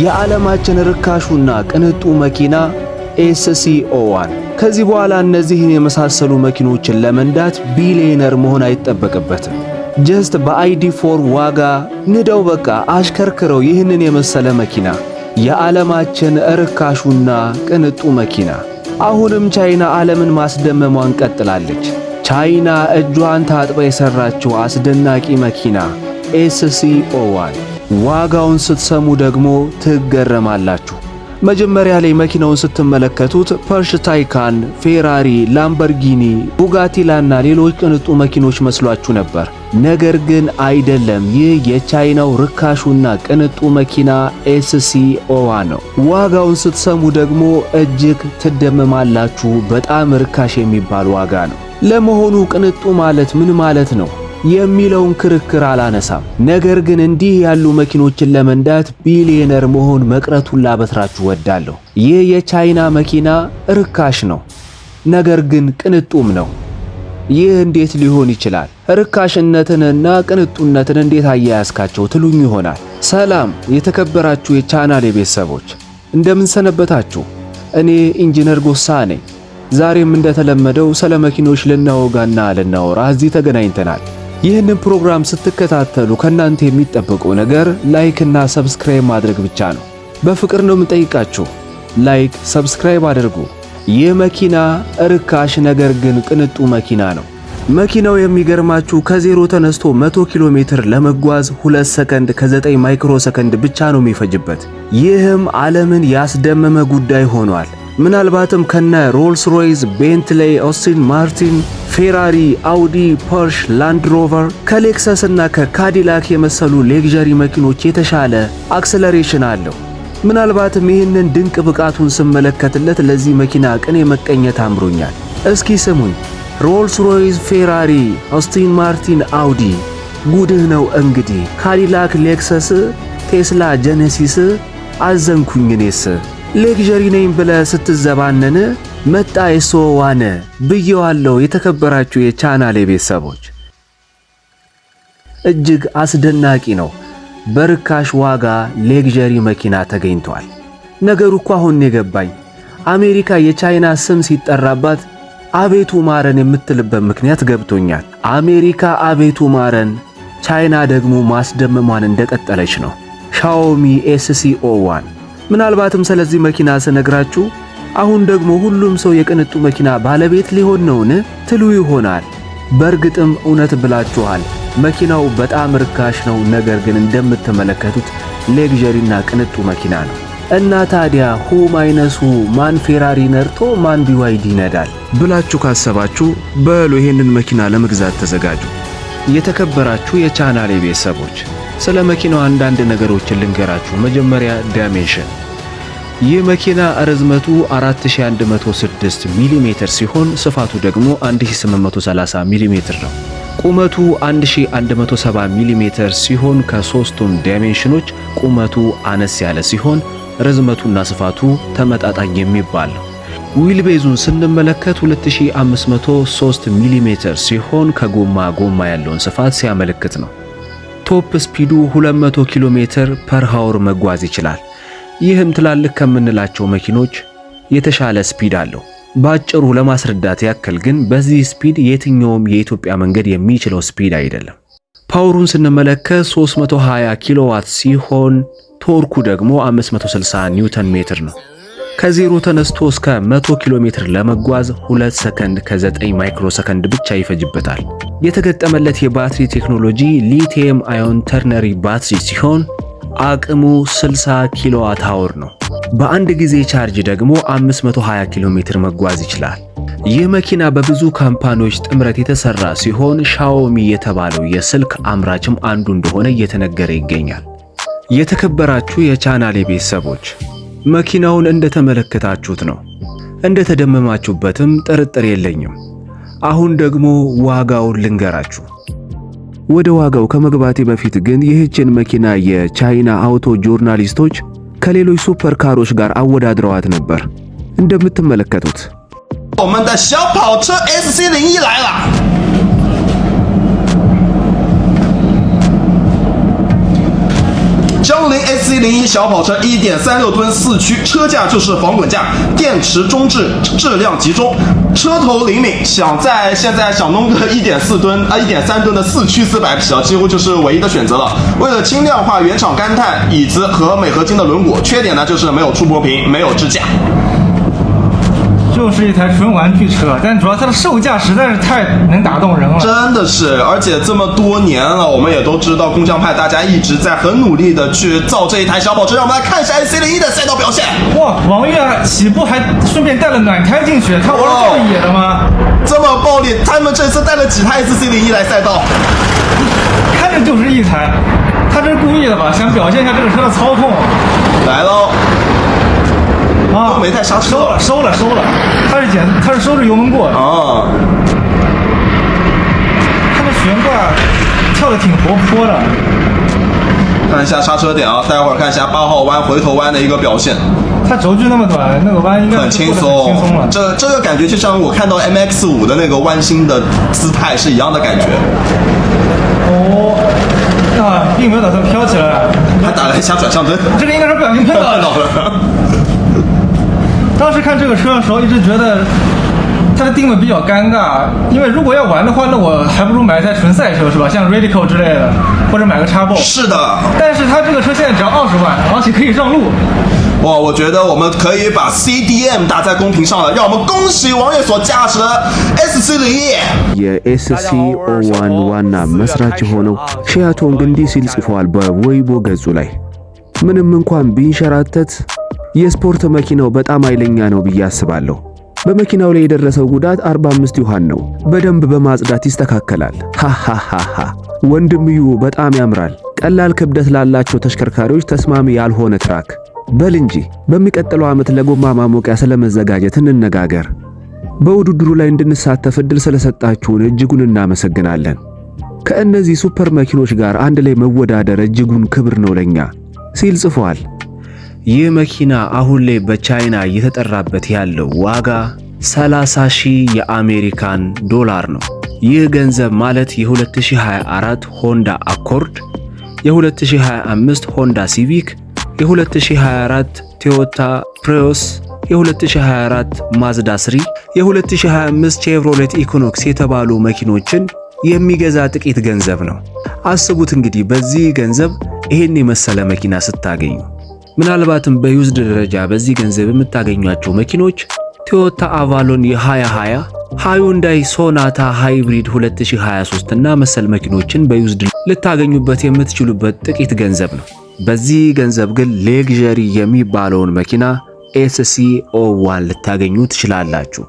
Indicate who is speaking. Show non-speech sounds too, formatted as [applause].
Speaker 1: የዓለማችን ርካሹና ቅንጡ መኪና ኤስሲኦ1። ከዚህ በኋላ እነዚህን የመሳሰሉ መኪኖችን ለመንዳት ቢሊየነር መሆን አይጠበቅበትም። ጀስት በአይዲ ፎር ዋጋ ንደው በቃ አሽከርክረው ይህንን የመሰለ መኪና፣ የዓለማችን ርካሹና ቅንጡ መኪና። አሁንም ቻይና ዓለምን ማስደመሟን ቀጥላለች። ቻይና እጇን ታጥባ የሠራችው አስደናቂ መኪና ኤስሲኦ1 ዋጋውን ስትሰሙ ደግሞ ትገረማላችሁ። መጀመሪያ ላይ መኪናውን ስትመለከቱት ፐርሽ ታይካን፣ ፌራሪ፣ ላምበርጊኒ፣ ቡጋቲላና ሌሎች ቅንጡ መኪኖች መስሏችሁ ነበር። ነገር ግን አይደለም። ይህ የቻይናው ርካሹና ቅንጡ መኪና ኤስሲኦዋ ነው። ዋጋውን ስትሰሙ ደግሞ እጅግ ትደመማላችሁ። በጣም ርካሽ የሚባል ዋጋ ነው። ለመሆኑ ቅንጡ ማለት ምን ማለት ነው? የሚለውን ክርክር አላነሳም። ነገር ግን እንዲህ ያሉ መኪኖችን ለመንዳት ቢሊዮነር መሆን መቅረቱን ላበስራችሁ ወዳለሁ። ይህ የቻይና መኪና ርካሽ ነው፣ ነገር ግን ቅንጡም ነው። ይህ እንዴት ሊሆን ይችላል? ርካሽነትንና ቅንጡነትን እንዴት አያያዝካቸው ትሉኝ ይሆናል። ሰላም የተከበራችሁ የቻናሌ ቤተሰቦች እንደምን ሰነበታችሁ? እኔ ኢንጂነር ጎሳ ነኝ። ዛሬም እንደተለመደው ስለ መኪኖች ልናወጋና ልናወራ እዚህ ተገናኝተናል። ይህንን ፕሮግራም ስትከታተሉ ከእናንተ የሚጠበቀው ነገር ላይክ እና ሰብስክራይብ ማድረግ ብቻ ነው። በፍቅር ነው የምንጠይቃችሁ። ላይክ ሰብስክራይብ አድርጉ። ይህ መኪና እርካሽ ነገር ግን ቅንጡ መኪና ነው። መኪናው የሚገርማችሁ ከዜሮ ተነስቶ 100 ኪሎ ሜትር ለመጓዝ 2 ሰከንድ ከ9 ማይክሮ ሰከንድ ብቻ ነው የሚፈጅበት። ይህም ዓለምን ያስደመመ ጉዳይ ሆኗል። ምናልባትም ከነ ሮልስ ሮይዝ፣ ቤንትሌይ፣ ኦስቲን ማርቲን፣ ፌራሪ፣ አውዲ፣ ፖርሽ፣ ሮቨር ከሌክሰስ እና ከካዲላክ የመሰሉ ሌግዠሪ መኪኖች የተሻለ አክሰለሬሽን አለው። ምናልባትም ይህንን ድንቅ ብቃቱን ስመለከትለት ለዚህ መኪና ቅኔ መቀኘት አምሮኛል። እስኪ ስሙኝ፣ ሮልስ ሮይዝ፣ ፌራሪ፣ ኦስቲን ማርቲን፣ አውዲ ጉድህ ነው እንግዲህ። ካዲላክ፣ ሌክሰስ፣ ቴስላ፣ ጀነሲስ አዘንኩኝ እኔስ። ሌግዠሪ ነኝ ብለ ስትዘባነን መጣ የሶ ብየዋለው። የተከበራችሁ የቻናሌ ቤተሰቦች እጅግ አስደናቂ ነው። በርካሽ ዋጋ ሌግዠሪ መኪና ተገኝቷል። ነገሩ እኮ አሁን የገባኝ አሜሪካ የቻይና ስም ሲጠራባት አቤቱ ማረን የምትልበት ምክንያት ገብቶኛል። አሜሪካ አቤቱ ማረን፣ ቻይና ደግሞ ማስደመሟን እንደቀጠለች ነው። ሻኦሚ ኤስሲኦ ዋን ምናልባትም ስለዚህ መኪና ስነግራችሁ አሁን ደግሞ ሁሉም ሰው የቅንጡ መኪና ባለቤት ሊሆን ነውን ትሉ ይሆናል። በእርግጥም እውነት ብላችኋል። መኪናው በጣም ርካሽ ነው። ነገር ግን እንደምትመለከቱት ሌግዠሪና ቅንጡ መኪና ነው እና ታዲያ ሁ ማይነሱ ማን ፌራሪ ነርቶ ማን ቢዋይዲ ይነዳል ብላችሁ ካሰባችሁ በሉ ይሄንን መኪና ለመግዛት ተዘጋጁ። የተከበራችሁ የቻናሌ ቤተሰቦች ስለ መኪናው አንዳንድ ነገሮችን ልንገራችሁ። መጀመሪያ ዳይሜንሽን። ይህ መኪና ርዝመቱ 4106 ሚሜ ሲሆን ስፋቱ ደግሞ 1830 ሚሜ ነው። ቁመቱ 1170 ሚሜ ሲሆን ከሶስቱም ዳይሜንሽኖች ቁመቱ አነስ ያለ ሲሆን ርዝመቱና ስፋቱ ተመጣጣኝ የሚባል ነው። ዊል ቤዙን ስንመለከት 2503 ሚሜ ሲሆን ከጎማ ጎማ ያለውን ስፋት ሲያመለክት ነው። ቶፕ ስፒዱ 200 ኪሎ ሜትር ፐር ሃወር መጓዝ ይችላል። ይህም ትላልቅ ከምንላቸው መኪኖች የተሻለ ስፒድ አለው። በአጭሩ ለማስረዳት ያክል ግን በዚህ ስፒድ የትኛውም የኢትዮጵያ መንገድ የሚችለው ስፒድ አይደለም። ፓወሩን ስንመለከት 320 ኪሎዋት ሲሆን ቶርኩ ደግሞ 560 ኒውተን ሜትር ነው። ከዜሮ ተነስቶ እስከ 100 ኪሎ ሜትር ለመጓዝ 2 ሰከንድ ከ9 ማይክሮ ሰከንድ ብቻ ይፈጅበታል። የተገጠመለት የባትሪ ቴክኖሎጂ ሊቲየም አዮን ተርነሪ ባትሪ ሲሆን አቅሙ 60 ኪሎዋት አወር ነው። በአንድ ጊዜ ቻርጅ ደግሞ 520 ኪሎ ሜትር መጓዝ ይችላል። ይህ መኪና በብዙ ካምፓኒዎች ጥምረት የተሰራ ሲሆን ሻዎሚ የተባለው የስልክ አምራችም አንዱ እንደሆነ እየተነገረ ይገኛል። የተከበራችሁ የቻናሌ ቤተሰቦች መኪናውን እንደተመለከታችሁት ነው፣ እንደተደመማችሁበትም ጥርጥር የለኝም። አሁን ደግሞ ዋጋውን ልንገራችሁ። ወደ ዋጋው ከመግባቴ በፊት ግን ይህችን መኪና የቻይና አውቶ ጆርናሊስቶች ከሌሎች ሱፐር ካሮች ጋር አወዳድረዋት ነበር። እንደምትመለከቱት
Speaker 2: oh, 江铃 SC 零一小跑车，一点三六吨四驱，车架就是防滚架，电池中置，质量集中，车头灵敏。想在现在想弄个一点四吨啊，一点三吨的四驱四百匹啊，几乎就是唯一的选择了。为了轻量化，原厂干碳椅子和镁合金的轮毂。缺点呢就是没有触摸屏，没有支架。
Speaker 3: 是一台纯玩具车，但主要它的售价实在是太能打动人了，
Speaker 2: 真的是。而且这么多年了，我们也都知道工匠派大家一直在很努力的去造这一台小跑车。让我们来看一下 S C 零一的赛道表现。
Speaker 3: 哇，王越起步还顺便带了暖胎进去，他玩的这么野的吗？
Speaker 2: 这么暴力！他们这次带了几台 S C 零一来赛道？
Speaker 3: 看着就是一台，他这是故意的吧？想表现一下这个车的操控。
Speaker 2: 来喽！都没带刹车，
Speaker 3: 收了收了收了，他是减，他是收着油门过的啊。他的悬挂跳的挺活泼的，
Speaker 2: 看一下刹车点啊，待会儿看一下八号弯回头弯的一个表现。
Speaker 3: 它轴距那么短，那个弯应该很轻松，
Speaker 2: 这这个感觉就像我看到 MX5 的那个弯心的姿态是一样的感觉。
Speaker 3: 哦，啊，并没有打算飘起来，
Speaker 2: 还打了一下转向灯，
Speaker 3: 这个应该是不小心碰 [laughs] 到了。当时看这个车的时候，一直觉得它的定位比较尴尬，因为如果要玩的话，那我还不如买一台纯赛车，是吧？像 Radical 之类的，或者买个叉 BO。
Speaker 2: 是的，
Speaker 3: 但是它这个车现在只要二十万，而且可以让路。
Speaker 2: 哇，我觉得我们可以把 CDM 打在公屏上了，让我们恭喜王爷所驾驶的 SC 零一。
Speaker 1: የስፖርት መኪናው በጣም ኃይለኛ ነው ብዬ አስባለሁ። በመኪናው ላይ የደረሰው ጉዳት 45 ዮሐን ነው። በደንብ በማጽዳት ይስተካከላል። ሃሃሃሃ ወንድምዩ በጣም ያምራል። ቀላል ክብደት ላላቸው ተሽከርካሪዎች ተስማሚ ያልሆነ ትራክ በል እንጂ። በሚቀጥለው ዓመት ለጎማ ማሞቂያ ስለመዘጋጀት እንነጋገር። በውድድሩ ላይ እንድንሳተፍ ዕድል ስለሰጣችሁን እጅጉን እናመሰግናለን። ከእነዚህ ሱፐር መኪኖች ጋር አንድ ላይ መወዳደር እጅጉን ክብር ነው ለኛ ሲል ጽፏል። ይህ መኪና አሁን ላይ በቻይና እየተጠራበት ያለው ዋጋ 30 ሺህ የአሜሪካን ዶላር ነው። ይህ ገንዘብ ማለት የ2024 ሆንዳ አኮርድ፣ የ2025 ሆንዳ ሲቪክ፣ የ2024 ቶዮታ ፕሪዮስ፣ የ2024 ማዝዳ ስሪ የ የ2025 ቼቭሮሌት ኢኮኖክስ የተባሉ መኪኖችን የሚገዛ ጥቂት ገንዘብ ነው። አስቡት እንግዲህ በዚህ ገንዘብ ይህን የመሰለ መኪና ስታገኙ ምናልባትም በዩዝድ ደረጃ በዚህ ገንዘብ የምታገኟቸው መኪኖች ቶዮታ አቫሎን የ2020፣ ሃዩንዳይ ሶናታ ሃይብሪድ 2023 እና መሰል መኪኖችን በዩዝድ ልታገኙበት የምትችሉበት ጥቂት ገንዘብ ነው። በዚህ ገንዘብ ግን ሌግዠሪ የሚባለውን መኪና ኤስሲኦ1 ልታገኙ ትችላላችሁ።